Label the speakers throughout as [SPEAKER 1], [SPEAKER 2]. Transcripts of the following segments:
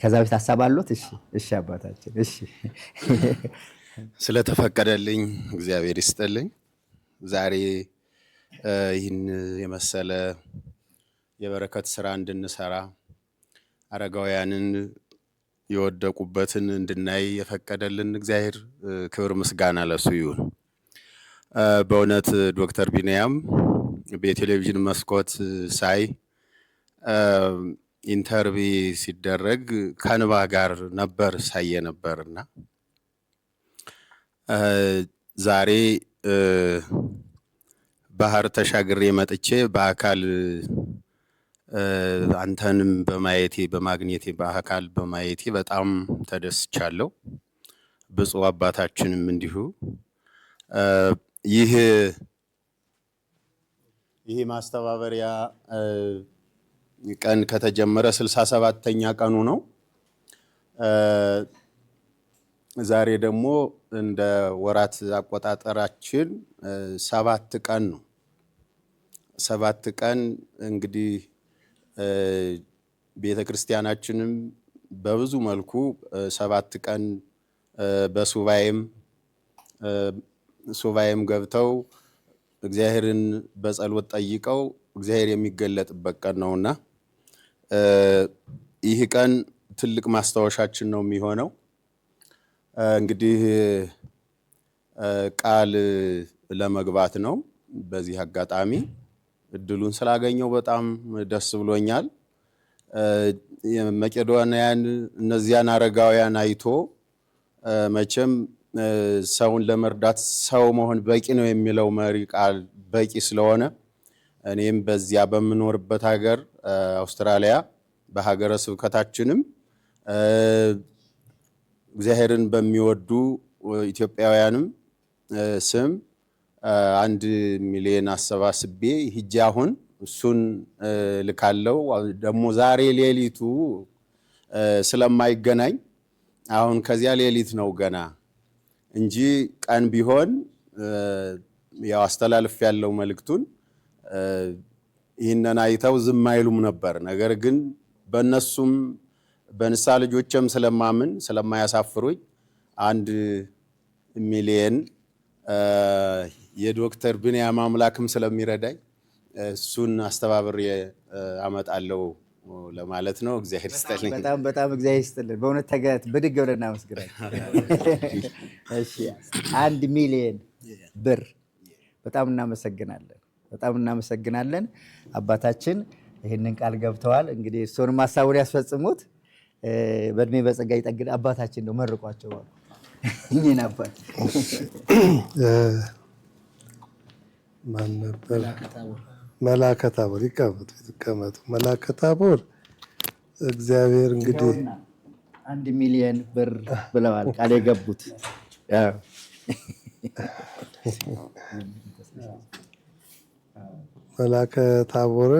[SPEAKER 1] ከዛ በፊት ሀሳብ አሉት? እሺ፣ እሺ አባታችን፣ እሺ
[SPEAKER 2] ስለተፈቀደልኝ እግዚአብሔር ይስጥልኝ። ዛሬ ይህን የመሰለ የበረከት ስራ እንድንሰራ አረጋውያንን የወደቁበትን እንድናይ የፈቀደልን እግዚአብሔር ክብር ምስጋና ለሱ ይሁን። በእውነት ዶክተር ቢንያም በቴሌቪዥን መስኮት ሳይ ኢንተርቪ ሲደረግ ከንባ ጋር ነበር ሳየ ነበር እና ዛሬ ባህር ተሻግሬ መጥቼ በአካል አንተንም በማየቴ በማግኘቴ በአካል በማየቴ በጣም ተደስቻለሁ። ብፁዕ አባታችንም እንዲሁ ይህ ይህ ማስተባበሪያ ቀን ከተጀመረ ስልሳ ሰባተኛ ቀኑ ነው። ዛሬ ደግሞ እንደ ወራት አቆጣጠራችን ሰባት ቀን ነው። ሰባት ቀን እንግዲህ ቤተ ክርስቲያናችንም በብዙ መልኩ ሰባት ቀን በሱባኤም ሱባኤም ገብተው እግዚአብሔርን በጸሎት ጠይቀው እግዚአብሔር የሚገለጥበት ቀን ነውና ይህ ቀን ትልቅ ማስታወሻችን ነው የሚሆነው። እንግዲህ ቃል ለመግባት ነው። በዚህ አጋጣሚ እድሉን ስላገኘው በጣም ደስ ብሎኛል። መቄዶንያን እነዚያን አረጋውያን አይቶ መቼም ሰውን ለመርዳት ሰው መሆን በቂ ነው የሚለው መሪ ቃል በቂ ስለሆነ እኔም በዚያ በምኖርበት ሀገር አውስትራሊያ በሀገረ ስብከታችንም እግዚአብሔርን በሚወዱ ኢትዮጵያውያንም ስም አንድ ሚሊዮን አሰባስቤ ሂጄ አሁን እሱን ልካለው። ደግሞ ዛሬ ሌሊቱ ስለማይገናኝ አሁን ከዚያ ሌሊት ነው ገና እንጂ ቀን ቢሆን ያው አስተላልፍ ያለው መልእክቱን ይህንን አይተው ዝም አይሉም ነበር። ነገር ግን በእነሱም በንሳ ልጆችም ስለማምን ስለማያሳፍሩኝ አንድ ሚሊየን የዶክተር ብንያም አምላክም ስለሚረዳኝ እሱን አስተባብር አመጣለው ለማለት ነው። እግዚአብሔር ይስጥልኝ።
[SPEAKER 1] በጣም በጣም እግዚአብሔር ይስጥልን። በእውነት ተገት ብድግ ብለን እናመስግናለን። አንድ ሚሊየን ብር በጣም እናመሰግናለን። በጣም እናመሰግናለን። አባታችን ይህንን ቃል ገብተዋል። እንግዲህ እሱን ማሳወር ያስፈጽሙት በእድሜ በጸጋ ይጠግድ። አባታችን ነው መርቋቸው አሉ እኚህን አባት
[SPEAKER 3] ማን ነበር? መልአከ ታቦር ይቀመጡ ይቀመጡ። መልአከ ታቦር እግዚአብሔር እንግዲህ
[SPEAKER 1] አንድ ሚሊየን ብር ብለዋል ቃል የገቡት
[SPEAKER 3] መላከ ታቦር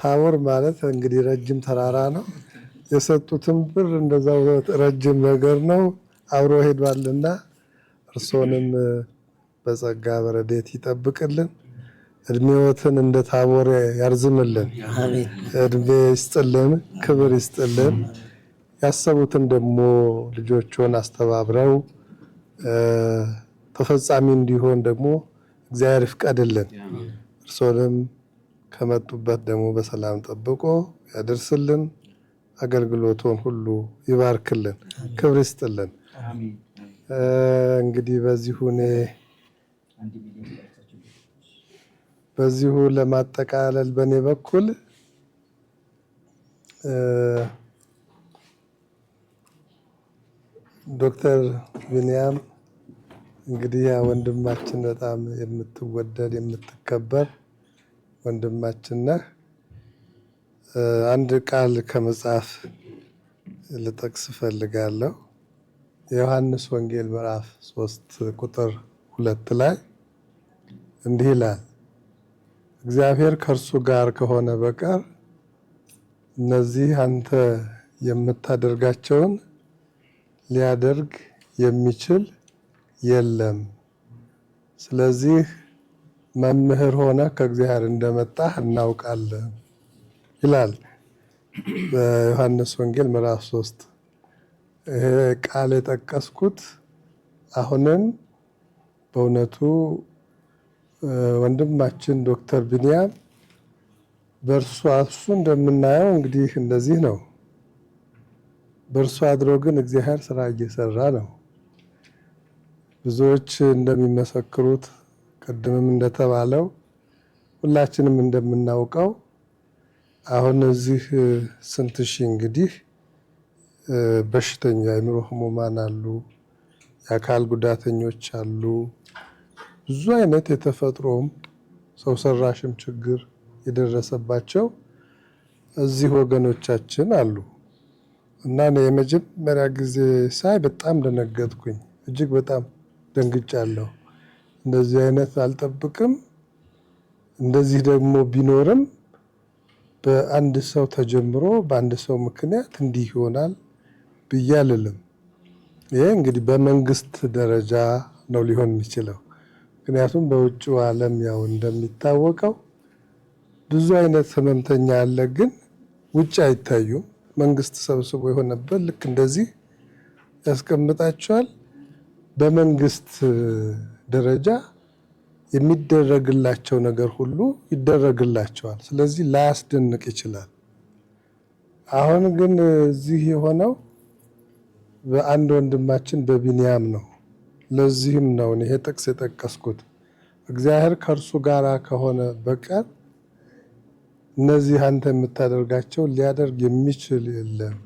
[SPEAKER 3] ታቦር ማለት እንግዲህ ረጅም ተራራ ነው። የሰጡትም ብር እንደዛው ረጅም ነገር ነው። አብሮ ሄዷልና እርሶንም በጸጋ በረዴት ይጠብቅልን። እድሜዎትን እንደ ታቦር ያርዝምልን። እድሜ ይስጥልን፣ ክብር ይስጥልን። ያሰቡትን ደግሞ ልጆቹን አስተባብረው ተፈጻሚ እንዲሆን ደግሞ እግዚአብሔር ይፍቀድልን። እርሶንም ከመጡበት ደግሞ በሰላም ጠብቆ ያደርስልን። አገልግሎቱን ሁሉ ይባርክልን፣ ክብር ይስጥልን። እንግዲህ በዚሁ እኔ በዚሁ ለማጠቃለል በእኔ በኩል ዶክተር ቢንያም እንግዲህ ያ ወንድማችን በጣም የምትወደድ የምትከበር ወንድማችን ነህ። አንድ ቃል ከመጽሐፍ ልጠቅስ እፈልጋለሁ። የዮሐንስ ወንጌል ምዕራፍ ሶስት ቁጥር ሁለት ላይ እንዲህ ይላል እግዚአብሔር ከእርሱ ጋር ከሆነ በቀር እነዚህ አንተ የምታደርጋቸውን ሊያደርግ የሚችል የለም። ስለዚህ መምህር ሆነ ከእግዚአብሔር እንደመጣህ እናውቃለን ይላል በዮሐንስ ወንጌል ምዕራፍ ሶስት ይሄ ቃል የጠቀስኩት አሁንም በእውነቱ ወንድማችን ዶክተር ቢንያም በእርሱ እሱ እንደምናየው እንግዲህ እንደዚህ ነው። በእርሱ አድሮ ግን እግዚአብሔር ስራ እየሰራ ነው። ብዙዎች እንደሚመሰክሩት ቅድምም እንደተባለው ሁላችንም እንደምናውቀው አሁን እዚህ ስንት ሺ እንግዲህ በሽተኛ የአእምሮ ህሙማን አሉ፣ የአካል ጉዳተኞች አሉ። ብዙ አይነት የተፈጥሮም ሰው ሰራሽም ችግር የደረሰባቸው እዚህ ወገኖቻችን አሉ እና የመጀመሪያ ጊዜ ሳይ በጣም ደነገጥኩኝ እጅግ በጣም ደንግጫለሁ። እንደዚህ አይነት አልጠብቅም። እንደዚህ ደግሞ ቢኖርም በአንድ ሰው ተጀምሮ በአንድ ሰው ምክንያት እንዲህ ይሆናል ብዬ አልልም። ይሄ እንግዲህ በመንግስት ደረጃ ነው ሊሆን የሚችለው። ምክንያቱም በውጭው ዓለም ያው እንደሚታወቀው ብዙ አይነት ህመምተኛ አለ፣ ግን ውጭ አይታዩም። መንግስት ሰብስቦ የሆነበት ልክ እንደዚህ ያስቀምጣቸዋል። በመንግስት ደረጃ የሚደረግላቸው ነገር ሁሉ ይደረግላቸዋል። ስለዚህ ላያስደንቅ ይችላል። አሁን ግን እዚህ የሆነው በአንድ ወንድማችን በቢንያም ነው። ለዚህም ነው ይሄ ጥቅስ የጠቀስኩት። እግዚአብሔር ከእርሱ ጋር ከሆነ በቀር እነዚህ አንተ የምታደርጋቸው ሊያደርግ የሚችል የለም።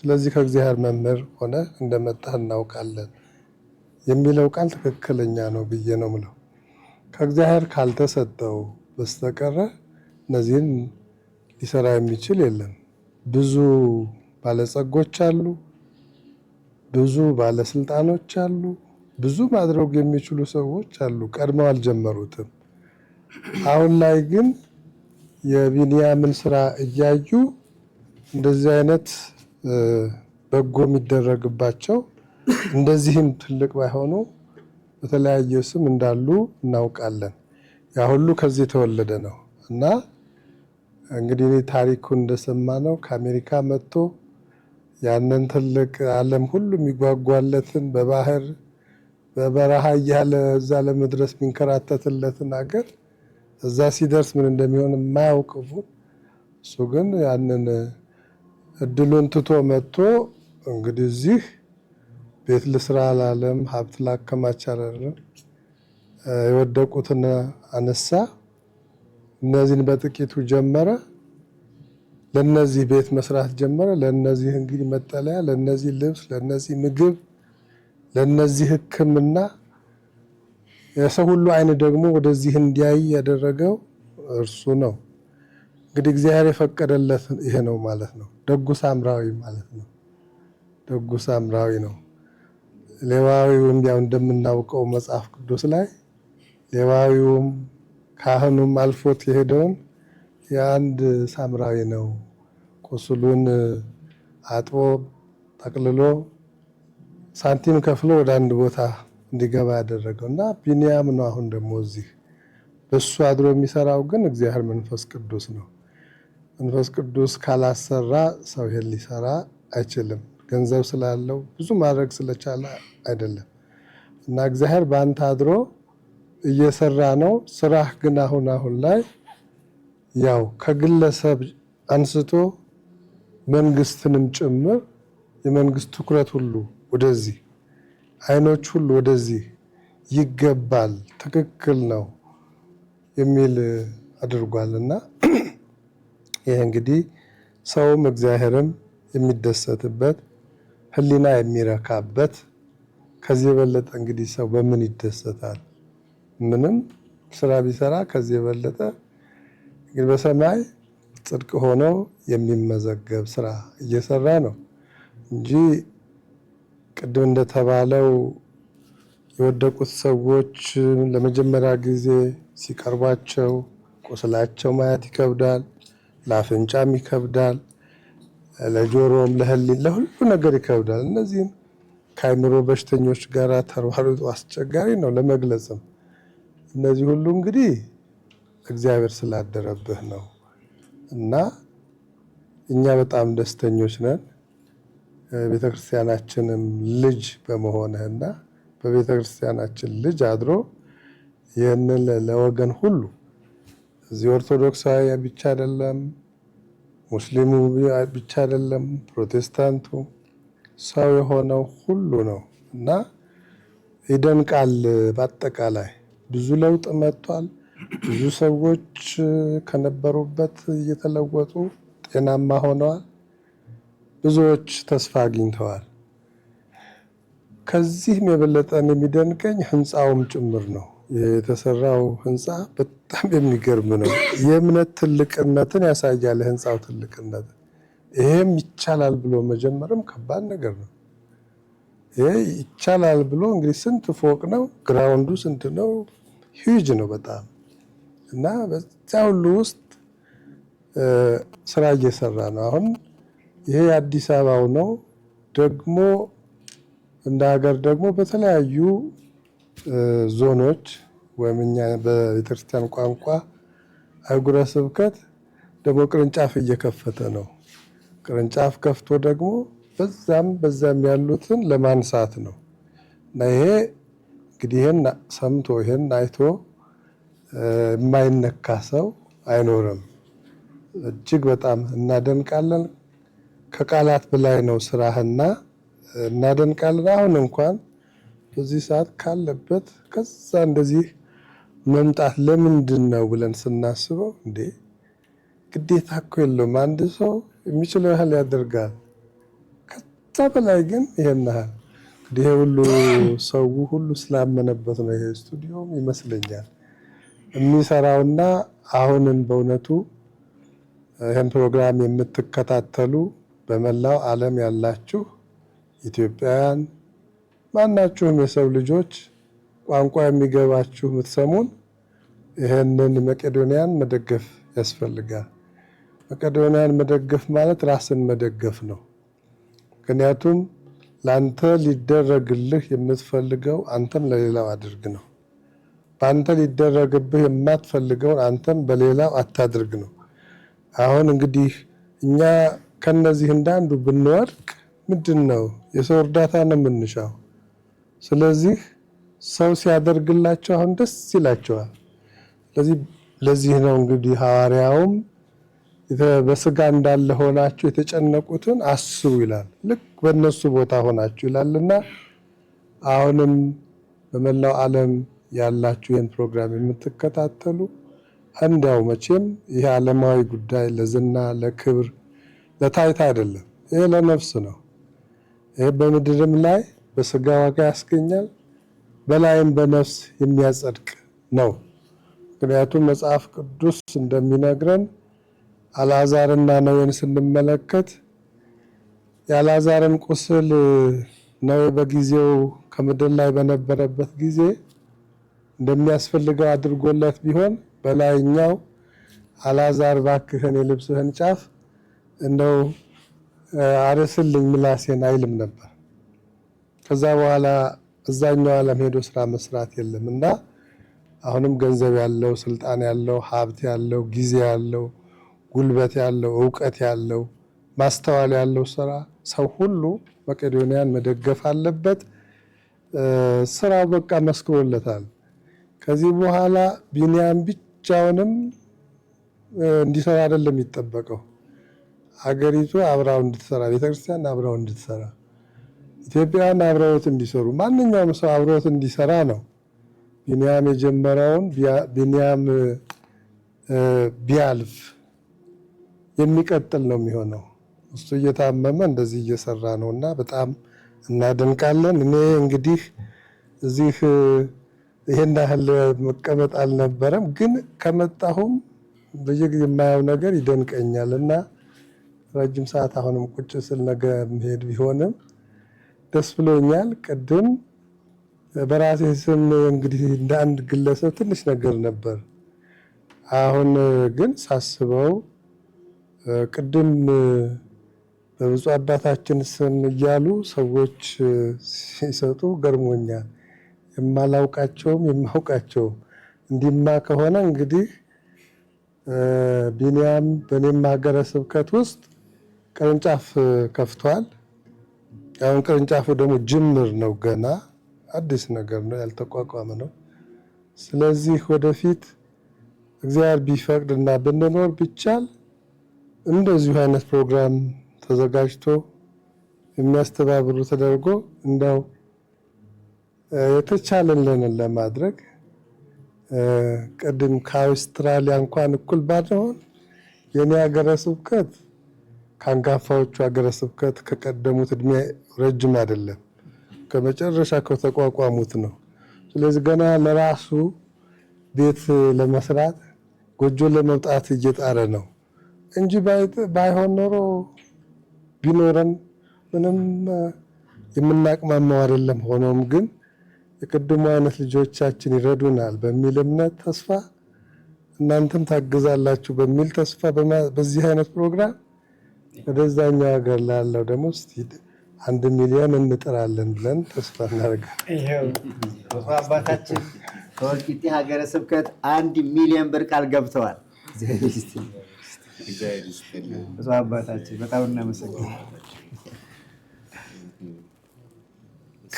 [SPEAKER 3] ስለዚህ ከእግዚአብሔር መምህር ሆነ እንደመጣህ እናውቃለን። የሚለው ቃል ትክክለኛ ነው ብዬ ነው ምለው። ከእግዚአብሔር ካልተሰጠው በስተቀረ እነዚህን ሊሰራ የሚችል የለም። ብዙ ባለጸጎች አሉ፣ ብዙ ባለስልጣኖች አሉ፣ ብዙ ማድረግ የሚችሉ ሰዎች አሉ። ቀድመው አልጀመሩትም። አሁን ላይ ግን የቢንያምን ስራ እያዩ እንደዚህ አይነት በጎ የሚደረግባቸው እንደዚህም ትልቅ ባይሆኑ በተለያየ ስም እንዳሉ እናውቃለን። ያ ሁሉ ከዚህ የተወለደ ነው እና እንግዲህ ታሪኩ እንደሰማ ነው ከአሜሪካ መጥቶ ያንን ትልቅ ዓለም ሁሉ የሚጓጓለትን በባህር በበረሃ እያለ እዛ ለመድረስ የሚንከራተትለትን ሀገር እዛ ሲደርስ ምን እንደሚሆን የማያውቅፉ እሱ ግን ያንን እድሉን ትቶ መጥቶ እንግዲህ እዚህ ቤት ልስራ አላለም፣ ሀብት ላከማች አላለም። የወደቁትን አነሳ፣ እነዚህን በጥቂቱ ጀመረ። ለነዚህ ቤት መስራት ጀመረ። ለነዚህ እንግዲህ መጠለያ፣ ለነዚህ ልብስ፣ ለነዚህ ምግብ፣ ለነዚህ ሕክምና የሰው ሁሉ አይን ደግሞ ወደዚህ እንዲያይ ያደረገው እርሱ ነው። እንግዲህ እግዚአብሔር የፈቀደለት ይሄ ነው ማለት ነው። ደጉ ሳምራዊ ማለት ነው። ደጉ ሳምራዊ ነው። ሌዋዊውም ያው እንደምናውቀው መጽሐፍ ቅዱስ ላይ ሌዋዊውም ካህኑም አልፎት የሄደውም የአንድ ሳምራዊ ነው። ቁስሉን አጥቦ ጠቅልሎ ሳንቲም ከፍሎ ወደ አንድ ቦታ እንዲገባ ያደረገው እና ቢንያም ነው። አሁን ደግሞ እዚህ በሱ አድሮ የሚሰራው ግን እግዚአብሔር መንፈስ ቅዱስ ነው። መንፈስ ቅዱስ ካላሰራ ሰው ይሄን ሊሰራ አይችልም። ገንዘብ ስላለው ብዙ ማድረግ ስለቻለ አይደለም። እና እግዚአብሔር በአንተ አድሮ እየሰራ ነው። ስራህ ግን አሁን አሁን ላይ ያው ከግለሰብ አንስቶ መንግስትንም ጭምር የመንግስት ትኩረት ሁሉ ወደዚህ አይኖች ሁሉ ወደዚህ ይገባል፣ ትክክል ነው የሚል አድርጓል። እና ይህ እንግዲህ ሰውም እግዚአብሔርም የሚደሰትበት ህሊና የሚረካበት ከዚህ የበለጠ እንግዲህ ሰው በምን ይደሰታል? ምንም ስራ ቢሰራ ከዚህ የበለጠ እንግዲህ በሰማይ ጽድቅ ሆኖ የሚመዘገብ ስራ እየሰራ ነው እንጂ ቅድም እንደተባለው የወደቁት ሰዎች ለመጀመሪያ ጊዜ ሲቀርቧቸው ቁስላቸው ማየት ይከብዳል፣ ለአፍንጫም ይከብዳል። ለጆሮም፣ ለህሊን፣ ለሁሉ ነገር ይከብዳል። እነዚህም ከአይምሮ በሽተኞች ጋር ተሯርጦ አስቸጋሪ ነው ለመግለጽም። እነዚህ ሁሉ እንግዲህ እግዚአብሔር ስላደረብህ ነው እና እኛ በጣም ደስተኞች ነን ቤተክርስቲያናችንም ልጅ በመሆንህና በቤተክርስቲያናችን ልጅ አድሮ ይህንን ለወገን ሁሉ እዚህ ኦርቶዶክሳዊ ብቻ አይደለም ሙስሊሙ ብቻ አይደለም፣ ፕሮቴስታንቱ ሰው የሆነው ሁሉ ነው እና ይደንቃል። በአጠቃላይ ብዙ ለውጥ መጥቷል። ብዙ ሰዎች ከነበሩበት እየተለወጡ ጤናማ ሆነዋል። ብዙዎች ተስፋ አግኝተዋል። ከዚህም የበለጠን የሚደንቀኝ ህንፃውም ጭምር ነው። የተሰራው ህንፃ በጣም የሚገርም ነው። የእምነት ትልቅነትን ያሳያል። ህንፃው ትልቅነት ይሄም ይቻላል ብሎ መጀመርም ከባድ ነገር ነው። ይሄ ይቻላል ብሎ እንግዲህ ስንት ፎቅ ነው? ግራውንዱ ስንት ነው? ሂውጅ ነው በጣም እና በዚያ ሁሉ ውስጥ ስራ እየሰራ ነው። አሁን ይሄ የአዲስ አበባው ነው ደግሞ እንደ ሀገር ደግሞ በተለያዩ ዞኖች ወይም እኛ በቤተክርስቲያን ቋንቋ አህጉረ ስብከት ደግሞ ቅርንጫፍ እየከፈተ ነው። ቅርንጫፍ ከፍቶ ደግሞ በዛም በዛም ያሉትን ለማንሳት ነው እና ይሄ እንግዲህ ይህን ሰምቶ ይህን አይቶ የማይነካ ሰው አይኖርም። እጅግ በጣም እናደንቃለን። ከቃላት በላይ ነው ስራህና እናደንቃለን። አሁን እንኳን በዚህ ሰዓት ካለበት ከዛ እንደዚህ መምጣት ለምንድን ነው ብለን ስናስበው፣ እንዴ ግዴታ እኮ የለውም። አንድ ሰው የሚችለው ያህል ያደርጋል። ከዛ በላይ ግን ይሄን ያህል እንግዲህ ሁሉ ሰው ሁሉ ስላመነበት ነው። ይሄ ስቱዲዮም ይመስለኛል የሚሰራውና አሁንን በእውነቱ ይህን ፕሮግራም የምትከታተሉ በመላው ዓለም ያላችሁ ኢትዮጵያውያን ማናችሁም የሰው ልጆች ቋንቋ የሚገባችሁ የምትሰሙን ይህንን መቄዶንያን መደገፍ ያስፈልጋል። መቄዶንያን መደገፍ ማለት ራስን መደገፍ ነው። ምክንያቱም ለአንተ ሊደረግልህ የምትፈልገው አንተም ለሌላው አድርግ ነው። በአንተ ሊደረግብህ የማትፈልገውን አንተም በሌላው አታድርግ ነው። አሁን እንግዲህ እኛ ከነዚህ እንዳንዱ ብንወድቅ ምንድን ነው የሰው እርዳታ ነው የምንሻው። ስለዚህ ሰው ሲያደርግላቸው አሁን ደስ ይላቸዋል። ስለዚህ ለዚህ ነው እንግዲህ ሐዋርያውም በስጋ እንዳለ ሆናችሁ የተጨነቁትን አስቡ ይላል። ልክ በእነሱ ቦታ ሆናችሁ ይላልና አሁንም በመላው ዓለም ያላችሁ ይህን ፕሮግራም የምትከታተሉ እንዲያው መቼም ይህ ዓለማዊ ጉዳይ ለዝና፣ ለክብር፣ ለታይታ አይደለም። ይሄ ለነፍስ ነው። ይሄ በምድርም ላይ በስጋ ዋጋ ያስገኛል፣ በላይም በነፍስ የሚያጸድቅ ነው። ምክንያቱም መጽሐፍ ቅዱስ እንደሚነግረን አልዓዛርና ነዌን ስንመለከት የአልዓዛርን ቁስል ነዌ በጊዜው ከምድር ላይ በነበረበት ጊዜ እንደሚያስፈልገው አድርጎለት ቢሆን በላይኛው አልዓዛር ባክህን የልብስህን ጫፍ እንደው አርስልኝ ምላሴን አይልም ነበር። ከዛ በኋላ እዛኛው ዓለም ሄዶ ስራ መስራት የለም እና አሁንም ገንዘብ ያለው ስልጣን ያለው ሀብት ያለው ጊዜ ያለው ጉልበት ያለው እውቀት ያለው ማስተዋል ያለው ስራ ሰው ሁሉ መቄዶንያን መደገፍ አለበት። ስራው በቃ መስክሮለታል። ከዚህ በኋላ ቢኒያም ብቻውንም እንዲሰራ አይደለም የሚጠበቀው፣ አገሪቱ አብራው እንድትሰራ፣ ቤተክርስቲያን አብራው እንድትሰራ ኢትዮጵያውያን አብረውት እንዲሰሩ ማንኛውም ሰው አብረውት እንዲሰራ ነው። ቢኒያም የጀመረውን ቢኒያም ቢያልፍ የሚቀጥል ነው የሚሆነው። እሱ እየታመመ እንደዚህ እየሰራ ነው እና በጣም እናደንቃለን። እኔ እንግዲህ እዚህ ይሄን ያህል መቀመጥ አልነበረም፣ ግን ከመጣሁም በየጊዜ የማየው ነገር ይደንቀኛል እና ረጅም ሰዓት አሁንም ቁጭ ስል ነገ መሄድ ቢሆንም ደስ ብሎኛል። ቅድም በራሴ ስም እንግዲህ እንደ አንድ ግለሰብ ትንሽ ነገር ነበር። አሁን ግን ሳስበው ቅድም በብዙ አባታችን ስም እያሉ ሰዎች ሲሰጡ ገርሞኛል። የማላውቃቸውም የማውቃቸው እንዲማ ከሆነ እንግዲህ ቢንያም በእኔም ሀገረ ስብከት ውስጥ ቅርንጫፍ ከፍቷል። አሁን ቅርንጫፉ ደግሞ ጅምር ነው፣ ገና አዲስ ነገር ነው፣ ያልተቋቋመ ነው። ስለዚህ ወደፊት እግዚአብሔር ቢፈቅድ እና ብንኖር ቢቻል እንደዚሁ አይነት ፕሮግራም ተዘጋጅቶ የሚያስተባብሩ ተደርጎ እንደው የተቻለንን ለማድረግ ቅድም ከአውስትራሊያ እንኳን እኩል ባንሆን የኔ ሀገረ ስብከት ከአንጋፋዎቹ ሀገረ ስብከት ከቀደሙት እድሜ ረጅም አይደለም፣ ከመጨረሻ ከተቋቋሙት ነው። ስለዚህ ገና ለራሱ ቤት ለመስራት ጎጆ ለመምጣት እየጣረ ነው እንጂ ባይሆን ኖሮ ቢኖረን ምንም የምናቅማማው አይደለም። ሆኖም ግን የቅድሙ አይነት ልጆቻችን ይረዱናል በሚል እምነት ተስፋ እናንተም ታግዛላችሁ በሚል ተስፋ በዚህ አይነት ፕሮግራም ወደዛኛው ሀገር ላለው ደግሞ አንድ ሚሊዮን እንጥራለን ብለን ተስፋ
[SPEAKER 1] እናደርጋለን። አባታችን ከወልቂጤ ሀገረ ስብከት አንድ ሚሊዮን ብር ቃል ገብተዋል። አባታችን በጣም እናመሰግናለን።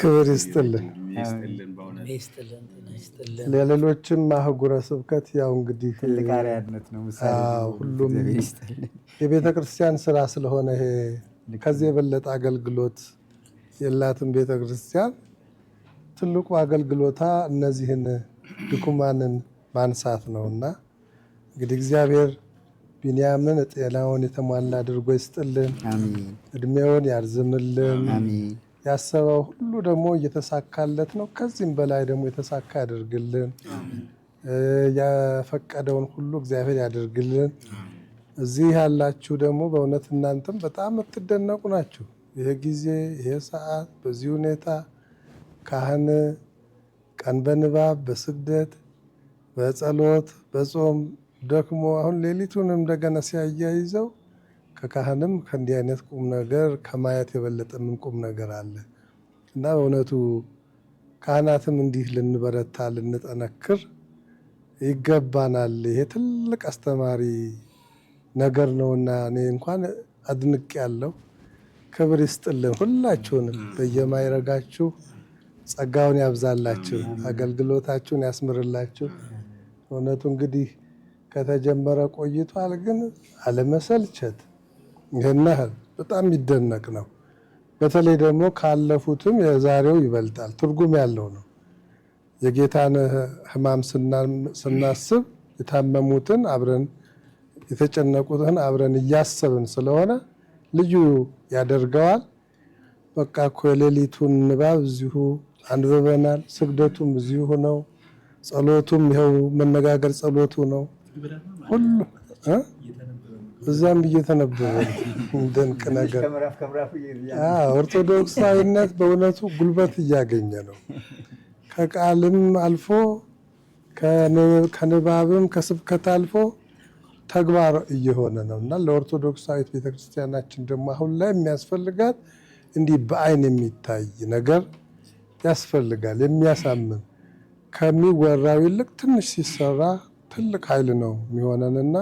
[SPEAKER 3] ክብር ይስጥልን። ለሌሎችም አህጉረ ስብከት ያው እንግዲህ ሁሉም የቤተ ክርስቲያን ስራ ስለሆነ ይሄ ከዚህ የበለጠ አገልግሎት የላትም ቤተ ክርስቲያን። ትልቁ አገልግሎታ እነዚህን ድኩማንን ማንሳት ነው እና እንግዲህ እግዚአብሔር ቢንያምን ጤናውን የተሟላ አድርጎ ይስጥልን፣ እድሜውን ያርዝምልን። ያሰበው ሁሉ ደግሞ እየተሳካለት ነው። ከዚህም በላይ ደግሞ የተሳካ ያደርግልን። ያፈቀደውን ሁሉ እግዚአብሔር ያደርግልን። እዚህ ያላችሁ ደግሞ በእውነት እናንተም በጣም የምትደነቁ ናችሁ። ይሄ ጊዜ ይሄ ሰዓት በዚህ ሁኔታ ካህን ቀን በንባብ በስግደት በጸሎት በጾም ደክሞ አሁን ሌሊቱን እንደገና ሲያያይዘው ከካህንም ከእንዲህ አይነት ቁም ነገር ከማየት የበለጠ ምን ቁም ነገር አለ? እና በእውነቱ ካህናትም እንዲህ ልንበረታ ልንጠነክር ይገባናል። ይሄ ትልቅ አስተማሪ ነገር ነውና እኔ እንኳን አድንቅ ያለው ክብር ይስጥልን። ሁላችሁንም በየማይረጋችሁ ጸጋውን ያብዛላችሁ፣ አገልግሎታችሁን ያስምርላችሁ። እውነቱ እንግዲህ ከተጀመረ ቆይቷል፣ ግን አለመሰልቸት ይህን ህዝብ በጣም የሚደነቅ ነው። በተለይ ደግሞ ካለፉትም የዛሬው ይበልጣል፣ ትርጉም ያለው ነው። የጌታን ሕማም ስናስብ የታመሙትን አብረን የተጨነቁትን አብረን እያሰብን ስለሆነ ልዩ ያደርገዋል። በቃ እኮ የሌሊቱን ንባብ እዚሁ አንብበናል። ስግደቱም እዚሁ ነው። ጸሎቱም ይኸው መነጋገር ጸሎቱ ነው ሁሉ እዛም ተነበበ። ደንቅ ነገር ኦርቶዶክሳዊነት በእውነቱ ጉልበት እያገኘ ነው። ከቃልም አልፎ ከንባብም ከስብከት አልፎ ተግባር እየሆነ ነው እና ለኦርቶዶክሳዊት ቤተክርስቲያናችን ደግሞ አሁን ላይ የሚያስፈልጋት እንዲህ በአይን የሚታይ ነገር ያስፈልጋል። የሚያሳምን ከሚወራው ይልቅ ትንሽ ሲሰራ ትልቅ ኃይል ነው የሚሆነንና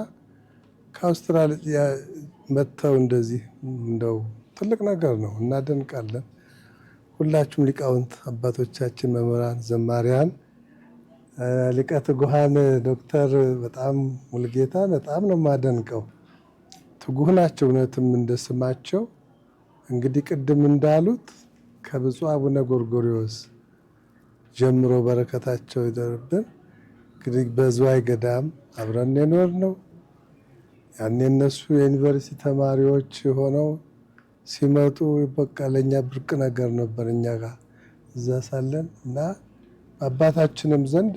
[SPEAKER 3] ከአውስትራሊያ መጥተው እንደዚህ እንደው ትልቅ ነገር ነው፣ እናደንቃለን። ሁላችሁም ሊቃውንት አባቶቻችን፣ መምህራን፣ ዘማሪያን፣ ሊቀ ትጉሃን ዶክተር በጣም ሙልጌታ በጣም ነው የማደንቀው። ትጉህ ናቸው እውነትም እንደስማቸው። እንግዲህ ቅድም እንዳሉት ከብፁዕ አቡነ ጎርጎሪዎስ ጀምሮ በረከታቸው ይደርብን። እንግዲህ በዝዋይ ገዳም አብረን የኖር ነው ያኔ እነሱ የዩኒቨርሲቲ ተማሪዎች ሆነው ሲመጡ በቃ ለእኛ ብርቅ ነገር ነበር እኛ ጋር እዛ ሳለን እና አባታችንም ዘንድ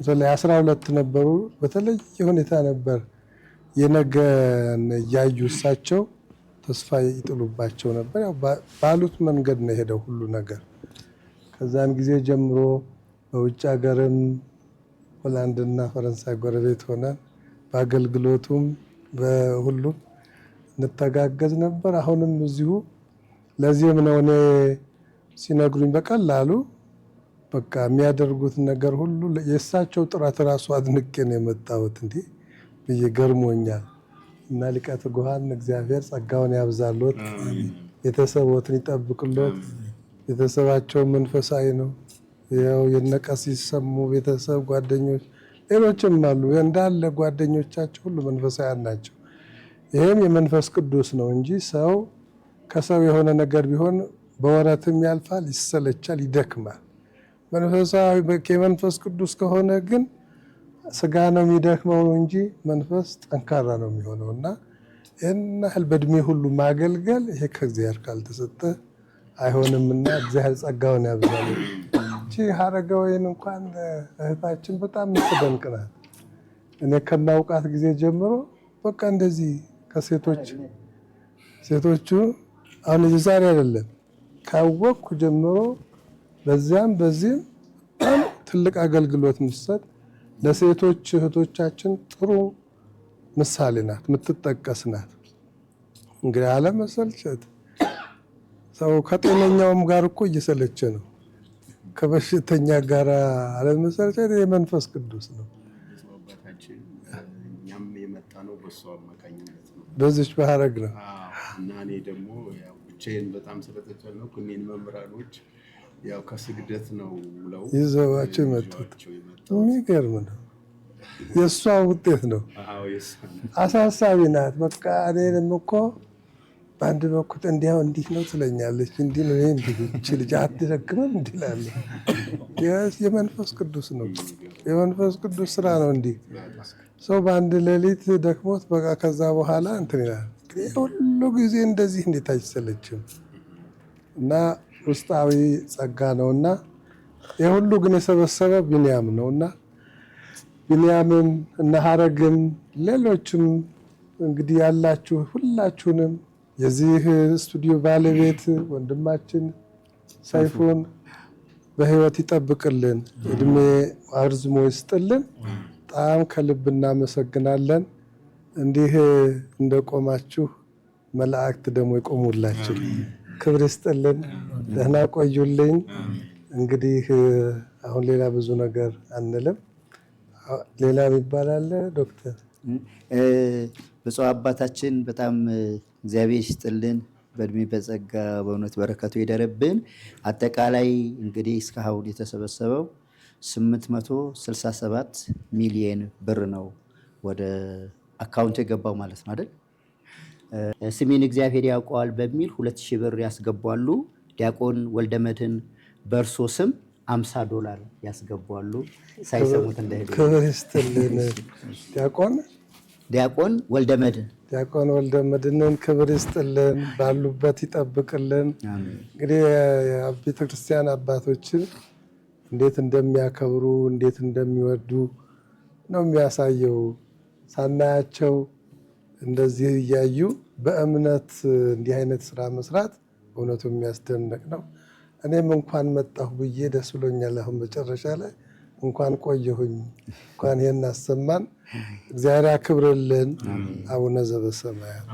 [SPEAKER 3] በተለይ አስራ ሁለት ነበሩ። በተለየ ሁኔታ ነበር የነገን እያዩ እሳቸው ተስፋ ይጥሉባቸው ነበር። ያው ባሉት መንገድ ነው የሄደው ሁሉ ነገር። ከዛን ጊዜ ጀምሮ በውጭ ሀገርም ሆላንድና ፈረንሳይ ጎረቤት ሆነን በአገልግሎቱም በሁሉም እንተጋገዝ ነበር። አሁንም እዚሁ ለዚህም ነው እኔ ሲነግሩኝ በቀላሉ በቃ የሚያደርጉት ነገር ሁሉ የእሳቸው ጥረት ራሱ አድንቄ ነው የመጣሁት። እንዲህ ብዬ ገርሞኛል። እና ሊቀ ትጉሃን እግዚአብሔር ጸጋውን ያብዛሎት፣ ቤተሰቦትን ይጠብቅሎት። ቤተሰባቸው መንፈሳዊ ነው። ያው የነቀስ ሲሰሙ ቤተሰብ ጓደኞች ሌሎችም አሉ። እንዳለ ጓደኞቻቸው ሁሉ መንፈሳውያን ናቸው። ይህም የመንፈስ ቅዱስ ነው እንጂ ሰው ከሰው የሆነ ነገር ቢሆን በወረትም ያልፋል፣ ይሰለቻል፣ ይደክማል። መንፈሳዊ የመንፈስ ቅዱስ ከሆነ ግን ስጋ ነው የሚደክመው እንጂ መንፈስ ጠንካራ ነው የሚሆነው እና ይህን ያህል በእድሜ ሁሉ ማገልገል ይሄ ከእግዚአብሔር ካልተሰጠ አይሆንም እና እግዚአብሔር ጸጋውን ያብዛል። ይቺ ወይን እንኳን እህታችን በጣም የምትደንቅ ናት። እኔ ከማውቃት ጊዜ ጀምሮ በቃ እንደዚህ ከሴቶች ሴቶቹ አሁን ዛሬ አይደለም ካወቅኩ ጀምሮ በዚያም በዚህም በጣም ትልቅ አገልግሎት የምትሰጥ ለሴቶች እህቶቻችን ጥሩ ምሳሌ ናት፣ የምትጠቀስ ናት። እንግዲህ አለመሰልቸት ሰው ከጤነኛውም ጋር እኮ እየሰለቸ ነው። ከበሽተኛ ጋር አለመሰልቸት የመንፈስ ቅዱስ ነው። በዚች በሐረግ ነው
[SPEAKER 2] እና እኔ ደግሞ ብቻዬን በጣም ስለተጨነኩ እኔን መምህራኖች ያው ከስግደት ነው ብለው
[SPEAKER 3] ይዘዋቸው የመጡት የሚገርም ነው። የእሷ ውጤት ነው። አሳሳቢ ናት። በቃ እኔንም እኮ በአንድ በኩል እንዲያው እንዲህ ነው ትለኛለች፣ እንዲህ ነው እንዲህ ይች ልጅ አትደክምም እንዲላለ የመንፈስ ቅዱስ ነው። የመንፈስ ቅዱስ ስራ ነው። እንዲህ ሰው በአንድ ሌሊት ደክሞት በቃ ከዛ በኋላ እንትን ይላል። ሁሉ ጊዜ እንደዚህ እንዴት አይሰለችም? እና ውስጣዊ ጸጋ ነው እና የሁሉ ግን የሰበሰበ ቢንያም ነው እና ቢንያምም እነ ሌሎችም እንግዲህ ያላችሁ ሁላችሁንም የዚህ ስቱዲዮ ባለቤት ወንድማችን ሳይፎን በህይወት ይጠብቅልን፣ እድሜ አርዝሞ ይስጥልን። በጣም ከልብ እናመሰግናለን። እንዲህ እንደቆማችሁ መላእክት ደግሞ ይቆሙላችሁ። ክብር ይስጥልን። ደህና ቆዩልኝ። እንግዲህ አሁን ሌላ ብዙ ነገር አንልም። ሌላ ይባላል ዶክተር
[SPEAKER 1] ብፁዕ አባታችን በጣም እግዚአብሔር ይስጥልን። በእድሜ በጸጋ በእውነት በረከቱ ይደርብን። አጠቃላይ እንግዲህ እስካሁን የተሰበሰበው 867 ሚሊየን ብር ነው ወደ አካውንት የገባው ማለት ነው አይደል? ስሜን እግዚአብሔር ያውቀዋል በሚል 2000 ብር ያስገቧሉ። ዲያቆን ወልደመድህን በእርሶ ስም 50 ዶላር ያስገቧሉ። ሳይሰሙት እንዳይሄዱ
[SPEAKER 3] ክብር ይስጥልን። ዲያቆን
[SPEAKER 1] ዲያቆን ወልደመድህን
[SPEAKER 3] ዲያቆን ወልደ መድንን ክብር ይስጥልን፣ ባሉበት ይጠብቅልን። እንግዲህ ቤተክርስቲያን አባቶችን እንዴት እንደሚያከብሩ እንዴት እንደሚወዱ ነው የሚያሳየው። ሳናያቸው እንደዚህ እያዩ በእምነት እንዲህ አይነት ስራ መስራት እውነቱ የሚያስደንቅ ነው። እኔም እንኳን መጣሁ ብዬ ደስ ብሎኛል። አሁን መጨረሻ ላይ እንኳን ቆየሁኝ፣ እንኳን ይህን አሰማን። እግዚአብሔር ያክብርልን። አቡነ ዘበሰማያት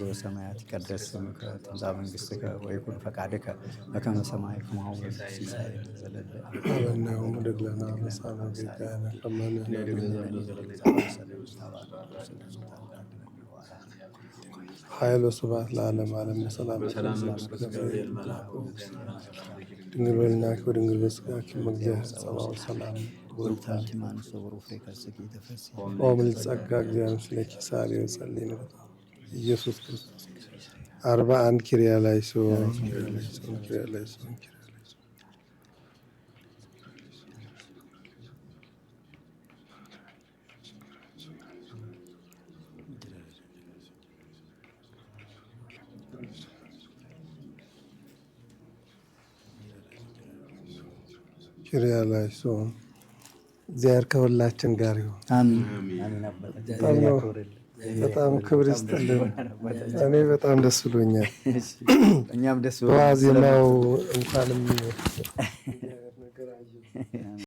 [SPEAKER 1] ዘበሰማያት ይትቀደስ ስምከ ትምጻእ መንግሥትከ ወይኩን ፈቃድከ በከመ በሰማይ ከማሁ
[SPEAKER 3] ለዓለመ ዓለም ሰላም ድንግል በልና ወልናኪ ወድንግል በስጋኪ መግዚያ ጸባው ሰላም ኦምል ጸጋ እግዚአብሔር ስለ ኪሳሪ ጸልይ ነው ኢየሱስ ክርስቶስ አርባ አንድ ኪሪያ ላይ ሲሆን ኪሪያ ላይ ሲሆን ኪሪያ ላይ ሲሆን ኪሪያላይሶን እግዚአብሔር ከሁላችን ጋር ይሁን። በጣም ክብር ይስጥልን። እኔ በጣም ደስ ብሎኛል። ዋዜማው እንኳንም